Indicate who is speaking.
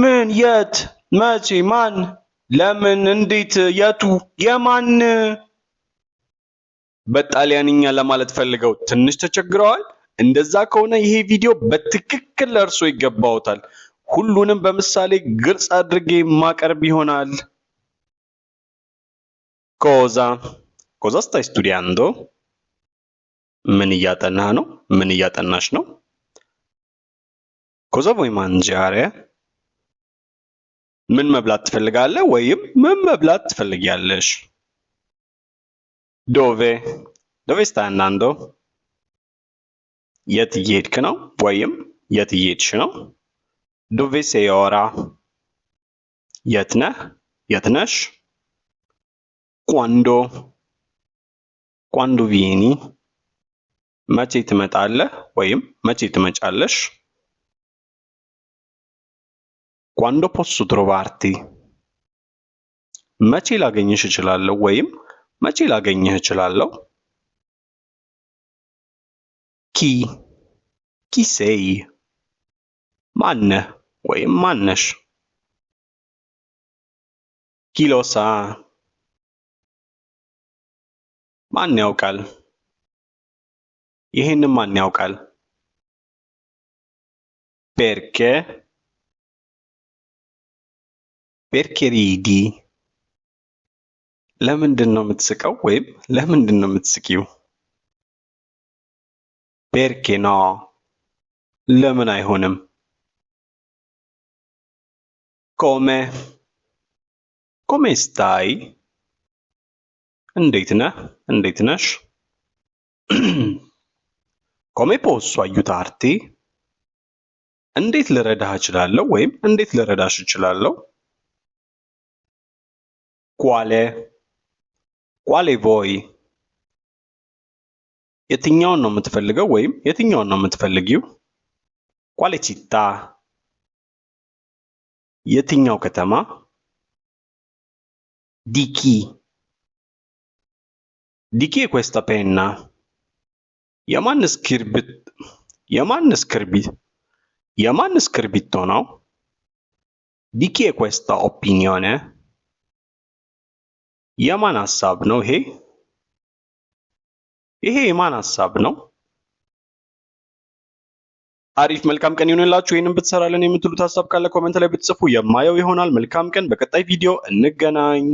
Speaker 1: ምን የት መቼ ማን ለምን እንዴት የቱ የማን በጣሊያንኛ ለማለት ፈልገው ትንሽ ተቸግረዋል። እንደዛ ከሆነ ይሄ ቪዲዮ በትክክል ለእርሶ ይገባዎታል። ሁሉንም በምሳሌ ግልጽ አድርጌ ማቀርብ ይሆናል። ኮዛ ኮዛ ስታይ ስቱዲያንዶ ምን እያጠናህ ነው? ምን እያጠናሽ ነው? ኮዛ ቮይ ማንጃሬ ምን መብላት ትፈልጋለህ ወይም ምን መብላት ትፈልጊያለሽ? ዶቬ ዶቬ ስታይ አንዳንዶ የት እየሄድክ ነው ወይም የት እየሄድሽ ነው? ዶቬ ሴዮራ የት ነህ የት ነሽ? ቋንዶ ቋንዶ ቪኒ መቼ ትመጣለህ ወይም መቼ ትመጫለሽ? quando posso trovarti መቼ ላገኝሽ እችላለሁ ወይም መቼ ላገኝህ እችላለሁ ኪ ኪሴይ ማነህ ወይም ማነሽ ኪሎሳ ማን ያውቃል ይህንም ማን ያውቃል ፔርኬ ፔርኬ ሪዲ ለምንድን ነው የምትስቀው? ወይም ለምንድን ነው የምትስቂው? ፔርኬ ኖ ለምን አይሆንም? ኮሜ ኮሜ ስታይ እንዴት ነህ? እንዴት ነሽ? ኮሜ ፖሶ አዩታ አርቲ እንዴት ልረዳህ እችላለሁ ወይም እንዴት ልረዳሽ እችላለሁ? Quale? Quale voi? የትኛውን ነው የምትፈልገው ወይም የትኛውን ነው የምትፈልጊው? ኳሌ ቺታ የትኛው ከተማ? ዲኪ ዲኪ ኮስታ ፔና የማን እስክርቢት የማን እስክርቢት የማን እስክርቢቶ ነው? ዲኪ ኮስታ ኦፒኒዮኔ የማን ሐሳብ ነው ይሄ? ይሄ የማን ሐሳብ ነው? አሪፍ መልካም ቀን ይሁንላችሁ። ይህንን ብትሰራለን የምትሉት ሐሳብ ካለ ኮመንት ላይ ብትጽፉ የማየው ይሆናል። መልካም ቀን። በቀጣይ ቪዲዮ እንገናኝ።